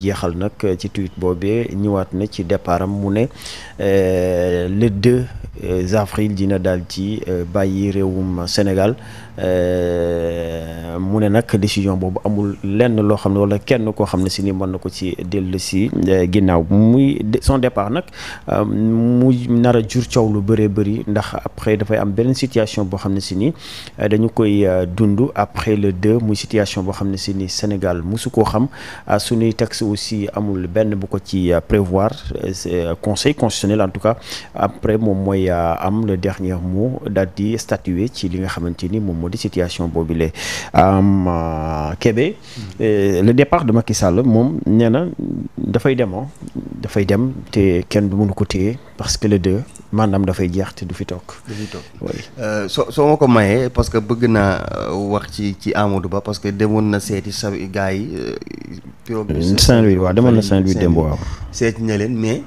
jeexal nag euh, ci tweet boobee ñëwaat na ci déparam am mu ne euh, le 2 euh, avril dina daal ci bàyyi réewum Sénégal mu ne nag décision boobu amul lenn loo xam ne wala kenn koo xam ne si ni mën na ko ci dellu si ginnaaw muy son départ nag mu nara jur coow lu bëree bëri ndax après dafay am beneen situation boo xam ne si ni dañu koy dund après le 2 muy situation boo xam ne si ni Sénégal mosu koo xam suñuy texte aussi amul benn bu ko ci euh, prévoir euh, c'est euh, conseil constitutionnel en tout cas après moom mooy am le dernier mot daal di statuer ci li nga xamante ni moom moo di situation boobu lee am kebe mm-hmm. le départ de Macky Sall moom nee na dafay demoo ah. dafay dem te kenn du mënu ko téye parce que le deux maanaam dafay jeex te du fi toog. du fi soo ma ko mayee parce que bëgg naa wax ci ci Amadou Ba parce que demoon na seeti sa gars yi. Saint-Louis waaw demal na Saint-Louis démb seet na leen mais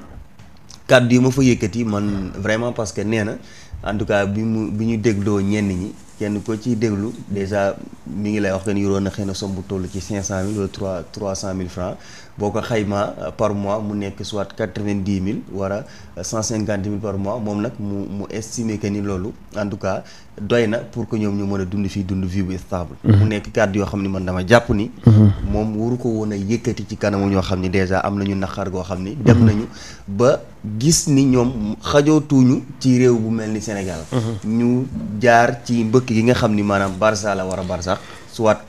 kàddu yi ma fa yëkkati man vraiment parce que nee na en tout cas bi mu bi ñu dégloo ñenn ñi. kenn ko ci déglu déjà mi ngi lay wax que ni yoroon na xëy na somme bu tollu ci cinq cent mille wala trois trois cent mille francs boo ko xaymaa euh, par mois mu nekk soit quatre-vingt-dix mille wala euh, cent cinquante mille par mois moom nag mu mu estimer que ni loolu en tout cas doy na pour que ñoom ñu mën a dund fii dund vie bu stable. Mhm. mu nekk kàddu yoo xam ne man dama jàpp ni. Mhm. moom waru ko woon a yëkkati ci kanamu ñoo xam ni déjà am nañu naqar goo xam ni. Mhm. dem nañu ba gis ni ñoom xajootuñu ci réew bu mel ni Sénégal. gi nga xam ni maanaam Barça la war a Barça soit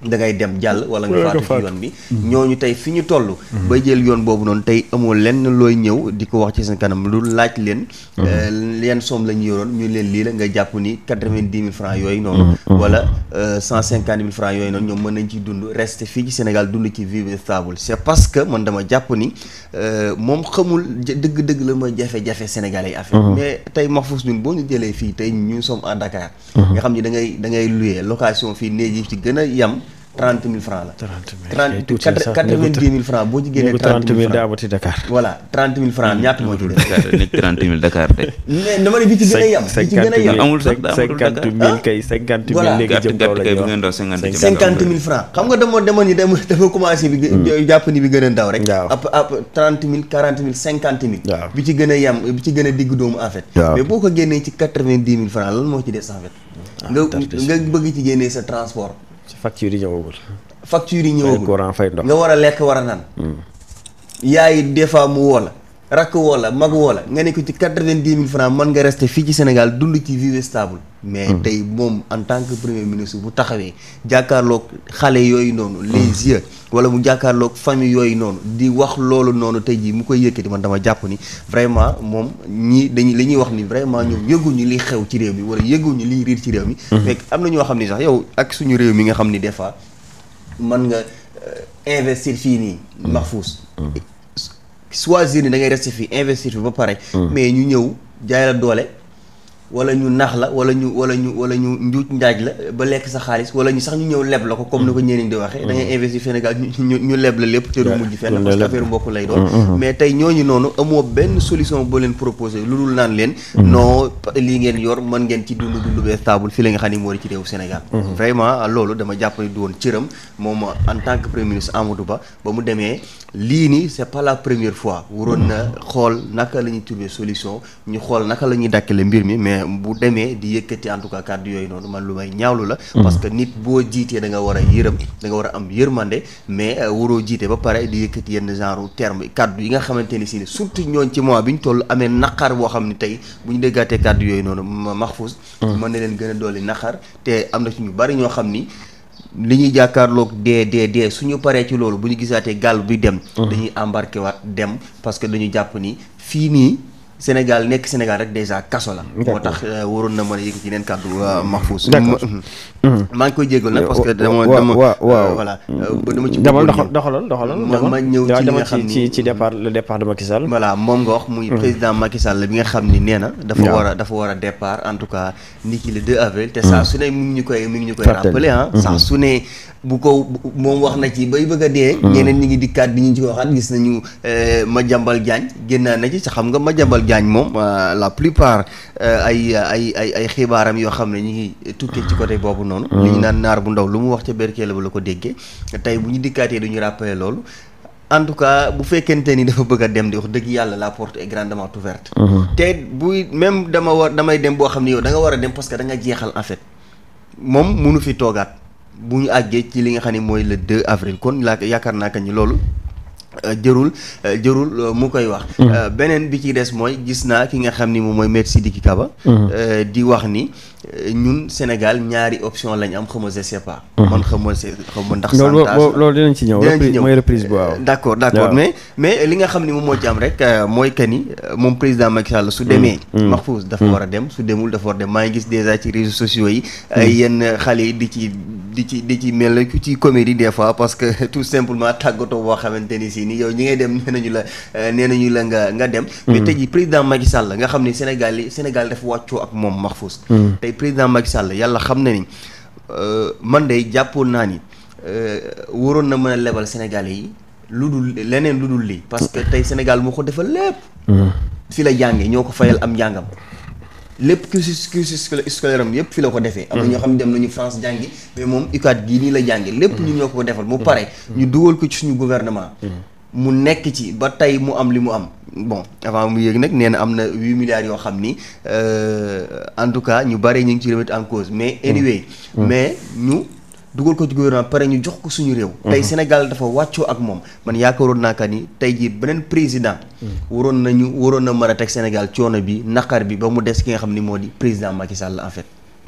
da ngay dem jàll wala nga faatu yoon bi ñooñu tey fi ñu toll ba jël yoon boobu noonu tey amoo lenn looy ñëw di ko wax ci seen kanam lu laaj leen leen mm-hmm. euh, some la ñu yoroon ñu leen lii la nga jàpp ni quatre-vingt-dix mille francs yooyu noonu mm-hmm. Mm-hmm. wala euh, cent cinquante mille francs yooyu noonu ñoom mën nañ ci dund reste fii ci Sénégal dund ci vivre stable c'est parce que man dama jàpp ni euh, moom xamul dëgg-dëgg la ma jafe-jafe sénégalais yi affaire mais tey Mahfouz ñun boo ñu jëlee fii tey ñu sommes à Dakar nga xam ni da ngay da ngay louer location fii néeg yi ci gën a yam trente mille francs la. trente mille tuuti sax trente quatre-vingt-dix mille francs boo ci génnee. trente mille daa amati mm. ci des. trente mille Dakar de. ci génnee ci quatre vingt lan moo ci des en fait. Ah, nga nga bëgg ci génnee sa transport ci facture yi ñëw ñëwagul. facture yi ñëwagul courant fay ndox nga war a lekk war a naan. Hmm. yaay des fois mu woo la rakk woo la mag woo la nga ne ko ci quatre-vingt-dix mille francs mën nga rester fii ci Sénégal dund ci vie stable mais hmm. tey moom en tant que premier ministre bu taxawee jàkkaarloog xale yooyu noonu hmm. les yeux wala mu jàkkaarloog famille yooyu noonu di wax loolu noonu tey jii mu koy di man dama jàpp ni vraiment moom ñi dañuy li ñuy wax ni vraiment ñoom yëguñu liy xew ci réew mi wala yëguñu liy riir ci réew mi hmm. fekk am na ñoo xam ni sax yow ak suñu réew mi nga xam ni des fois mën nga euh, investir fii nii Mahfouz choisir ni da ngay rester fii investir fi ba pare. Hmm. mais ñu ñëw jaay la doole. wala ñu nax la wala ñu wala ñu wala ñu njuuj njaaj la ba lekk sa xaalis wala ñu sax ñu ñëw leb la ko comme ni ko ñeneen di waxee da ngay mm-hmm. investir Sénégal ñu ñu leb la lépp te du mujj fenn parce que affaire mbokk lay doon mm-hmm. mais tey ñooñu noonu amoo benn solution boo leen proposé lu dul naan leen mm-hmm. non lii ngeen yor mën ngeen ci dund dund bee taabul fi la nga xam ne moo di ci réew Sénégal vraiment loolu dama jàpp ne du woon cëram moom en tant que premier ministre Amadou Ba ba mu demee lii ni c'est pas la première fois waroon na xool naka la ñuy trouver solution ñu xool naka la ñuy dàkkale mbir mi mais bien bu demee di yëkkati en tout yooyu noonu man lu may ñaawlu la mhm. parce nit boo jiitee da war a yërëm da war a am yërmande mais euh, waroo jiite ba pare di yëkkati yenn genre terme kàddu yi nga xamante ni si ne surtout ñooñ ci mois bi ñu toll amee naqar boo xam ne tey bu ñu déggaatee kàddu yooyu noonu Mahfouz mhm. mën na leen gën a dolli naqar te am na ci ñu bari ñoo xam ni li ñuy jàkkaarloog dee dee dee suñu paree ci loolu bu ñu gisaatee gaal bi dem mhm. Sénégal nekk Sénégal rek déjà kaso la. moo tax euh, waroon na mën a yëkkati yeneen kàddu euh, Mahfouz. maa ngi koy jégal nag parce que dama dama. ma ñëw ci li nga xam ni moom nga wax muy président Macky Sall bi nga xam ni nee na. dafa war a dafa war a départ en tout cas ni ki le 2 avril. te saa mm. su ne mi ngi ñu koy mi ngi ñu koy. rappelé ah mm-hmm. saa su ne. bu ko moom wax na ci bay bëgg a dee. Mm. ñeneen ñi ngi dikkaat di ñu ci waxaat gis nañu euh, ma jambal Diagne génnaa Diagne moom euh, la plupart euh, ay ay ay xibaaram yoo xam ne ñu ngi tukkee ci côté boobu noonu. Mm. li ñu naan naar bu ndaw lu mu wax ca berkeele ba la ko déggee tey bu ñu dikkaatee du ñu rappelé loolu. en tout cas bu fekkente ni dafa bëgg a dem di wax dëgg yàlla la porte est grandement ouverte. Mm-hmm. te buy même dama war damay dem boo xam ne yow da nga war a dem parce que da nga jeexal en fait moom munu fi toogaat bu ñu àggee ci li nga xam ne mooy la 2 avril kon laa yaakaar naa que Euh, jërul euh, jërul euh, mu koy wax. Mm. beneen bi ci des mooy gis naa ki nga xam ni moom mooy Me Sidiki Kaba. Mm. di wax ni. Euh, ñun Sénégal ñaari option lañ am xam nga je sais pas. Mhm. man xam nga ndax. santage loolu loolu dinañ ci ñëw. dinañ ci ñëw mooy reprise bu euh, waaw. d' accord mais mais li nga xam ne moom moo ci am rek euh, mooy que ni moom président Macky Sall su demee. Mm, mm. Mahfouz dafa mm. war a dem su demul dafa war maa ngi gis dèjà ci réseaux sociaux yi. ay yenn yi di ci di ci di ci mel ku ci comédie des fois parce que tout simplement tàggatoo boo xamante ni si nii yow ñi ngay dem nee nañu la nee ñu la nga nga dem. mais tey jii président Macky la nga xam ne Sénégal yi Sénégal dafa wàccoo ak moom Mahfouz. tey président Macky Sall yàlla xam na ni euh, man de jàppoon naa ni euh, waroon na mën a lebal Sénégalais yi lu dul leneen lu dul lii parce que tey Sénégal moo ko defal lépp. Mm-hmm. fi la jàngee ñoo ko fayal am njàngam. lépp cursus cursus scolaire am yëpp fi la ko defee. am na ñoo xam ne dem nañu France jàngi mais moom UCAD gii nii la jàngi lépp ñu ñoo ko defal. mu pare mm-hmm. ñu dugal ko ci suñu gouvernement. Mm-hmm. mu nekk ci ba tey mu am li mu am bon avant mu yéeg nag nee na am na huit milliards yoo xam ni euh, en tout cas ñu bari ñu ngi ci remettre en mais mm. anyway mm. mais ñu dugal ko ci gouvernement pare ñu jox ko suñu réew mm-hmm. tey Sénégal dafa wàcco ak moom man yaakaaroon naa ka ni tey jii beneen président mm. waroon nañu waroon na mën a teg Sénégal coono bi naqar bi ba mu des ki nga xam ni moo di président Macky Sall en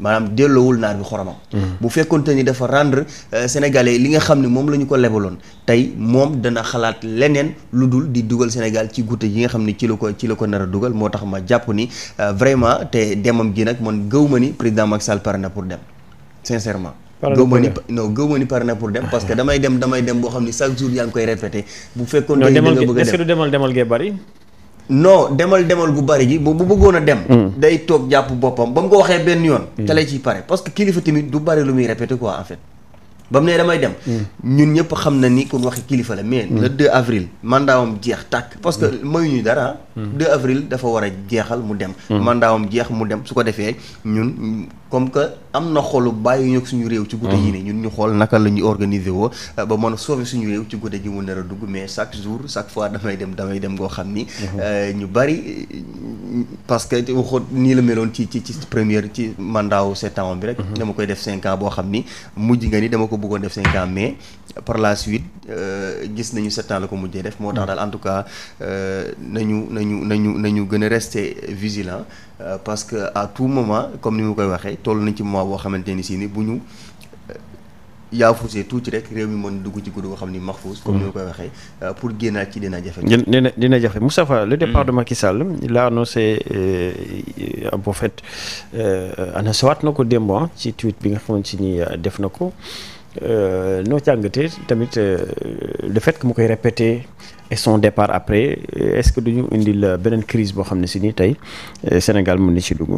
maanaam delloowul naar bi xoromam mm. bu fekkonte ni dafa rendre euh, sénégalais li nga xam ne moom la ñu ko lebaloon tey moom dana xalaat leneen lu dul di dugal Sénégal ci guute yi nga xam ne ci la ko ci la ko nar a dugal moo tax ma jàpp ni euh, vraiment te demam gi nag man gëw ma ni président Macky Sall pour dem sincèrement gëw ma ni non gëw ma ni pare na pour dem parce que damay dem damay dem boo xam ne chaque jour yaa ngi koy répété bu fekkoon tey nga bëgg a dem est-ce que du demal non demal demal gu bari gi bu bu bëggoon a dem. Hmm. day toog jàpp boppam ba mu ko waxee benn yoon. Hmm. te lay ciy pare parce que kilifa tamit du bari lu muy répété quoi en ba mu ne damay dem. Hmm. ñun ñëpp xam na ni kon waxi kilifa la mais. Hmm. le 2 avril mandaawam jeex tàkk. parce que hmm. mayuñu dara. 2 avril dafa war a jeexal mu dem. mandaawam jeex mu dem su ko defee ñun comme que am na xolu bàyyi ñu suñu réew. ci gudde yi ne ñun ñu xool naka la ñuy organiser woo euh, ba mën a sauver suñu réew ci gudde ji mu nar a dugg mais chaque jour chaque fois damay dem damay dem goo xam ni. Euh, ñu bari. parce que waxoon nii la meloon ci ci ci première ci mandat wu sept ans bi rek. Mhm. dama koy def cinq boo xam ni mujj nga ni dama ko bëggoon def cinq ans mais par la suite euh, gis nañu sept la ko mujjee def. moo tax mhm. daal en tout cas euh, nañu nañu nañu nañu gën a rester vigilant euh, parce que à tout moment comme ni ma koy waxee toll nañ ci moment boo xamante ni si ni bu ñu. yaafuusee tuuti rek réew mi mën dugg ci guddi goo xam ni maxfuus comme ni ma mm. koy waxee euh, pour génnaat ci dina jafe. dina dina jafe Moustapha le départ mm. de Macky Sall il a annoncé euh, en fait euh, annoncé waat na ko démb ah, ci tweet bi nga si nii def na ko noo jàngatee tamit le fait que mu koy répété et son départ après est-ce que duñu indil beneen crise boo xam ne si nii tey Sénégal mu ni ci dugg.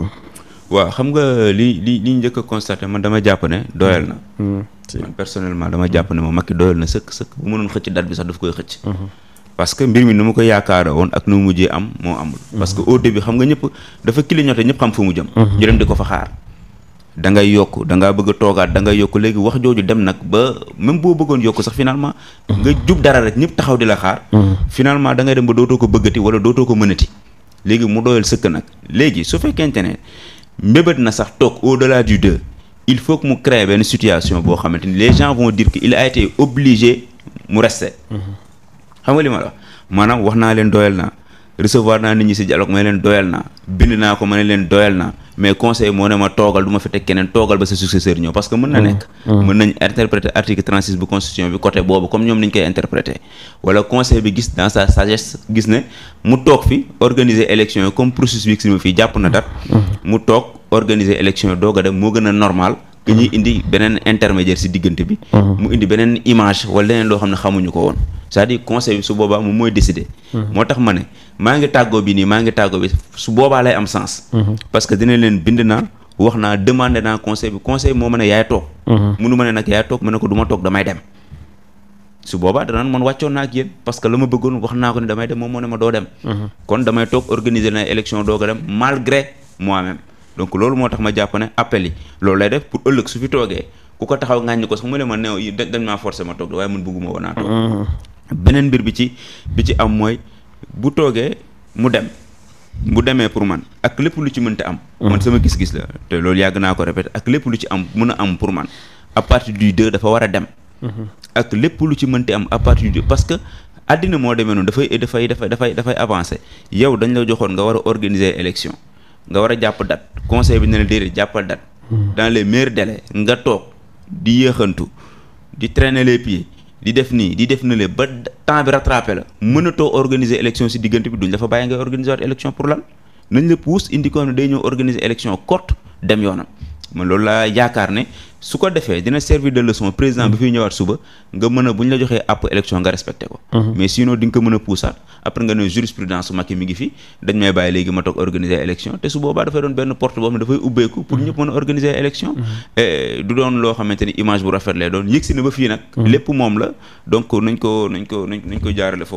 waaw xam nga li li li njëkk a constaté man dama jàpp ne doyal na. Mm-hmm. Mm-hmm. man personnellement dama jàpp ne moom Macky doyal na sëkk sëkk bu mënoon xëcc date bi sax daf koy xëcc. Mm-hmm. parce que mbir mi nu ma ko yaakaara woon ak nu mu mujjee am moo amul. parce que au début xam nga ñëpp dafa clignoté ñëpp xam fu mu jëm. ñu dem di ko fa xaar. da ngay yokk da bëgg toogaat da ngay yokk léegi wax jooju dem nag ba même boo bëggoon yokk sax finalement. nga jub dara rek ñëpp taxaw di la xaar. finalement da dem ba dootoo ko bëggati wala dootoo ko mënati. léegi mu doyal sëkk nag léegi su fekkente ne mbébét na sax toog au delà du deux il faut que mu créer benn situation boo xamante ni les gens vont dire que il a été obligé mu rester. Mhm. xam nga li ma la wax maanaam wax naa leen doyal naa. recevoir naa nit ñi si dialogue ma ne leen doyal naa bind naa ko ma ne leen doyal naa mais conseil moo ne ma toogal du ma fi teg keneen toogal ba sa successeur ñëw parce que mën na mm. nekk mm. mën nañ interpréter article bu constitution bi côté boobu comme ñoom niñ koy interpréter wala conseil bi gis dans sa gis ne mu toog fi organiser élection yi comme processus fii jàpp na dat mm. mu toog organiser élection yi doog dem moo gën a normal que ñuy indi beneen intermédiaire si diggante bi mu indi beneen image wala leneen loo xam ne xamuñu ko woon c'est-à-dire conseil bi su boobaa moom mooy décider. Mhm. moo tax ma ne maa ngi tàggoo bi nii maa ngi tàggoo bi su boobaa lay am sens. Mhm. parce que dina leen bind naa wax naa demandé naa conseil bi conseil moo ma ne yaay toog. Mhm. munu ma ne nag yaay toog ma ne ko du ma toog damay dem. su boobaa danaan doo dem. kon damay toog organiser na élection doo ko dem malgré moi-même. donc loolu moo tax ma jàpp appel yi loolu lay def pour ëllëg su fi toogee ku ko taxaw ngaañ ko sax mu ne ma néew dañ maa forcé ma toog waaye man bëgguma woon beneen mbir bi ci bi ci am mooy bu toogee mu dem mu demee pour man ak lépp lu ci mënta am. Mm-hmm. man sama gis-gis la te loolu yàgg naa ko répété ak lépp lu ci am mun a am pour man à partir du deux dafa war a dem. Mm-hmm. ak lépp lu ci mënti am à partir du parce que àddina moo demee noonu dafay dafay dafay dafay dafay avancé yow dañu la joxoon nga war a organiser élection nga war a jàpp date conseil bi ne la déedéet jàppal date. Mm-hmm. dans les meilleurs délais nga toog di yéexantu di traîner les pieds. di def nii di def na le ba temps bi rattrapé la mënatoo organiser élection si diggante bi duñ dafa bàyyi ngay organiser waat élection pour lan nañ la pousse indi ko ne day ñëw organiser élection courte dem yoonam man loolu laa yaakaar ne su ko defee dina servir de leçon président bi fiy ñëwaat suba nga mën a bu ñu la joxee àpp élection nga respecté ko mhm. mais sinon di ko mën a puusaat après nga ne jurisprudence su Macky mi ngi fi dañ may bàyyi léegi ma toog organiser élection te su boobaa dafay doon benn porte boo xam dafay ubbeeku pour ñëpp mën a organiser élection mhm. du doon loo xamante ni image bu rafet lay doon yëg si ba fii nag mhm. lépp moom la donc nañ ko nañ ko nañ ko jaarale foofu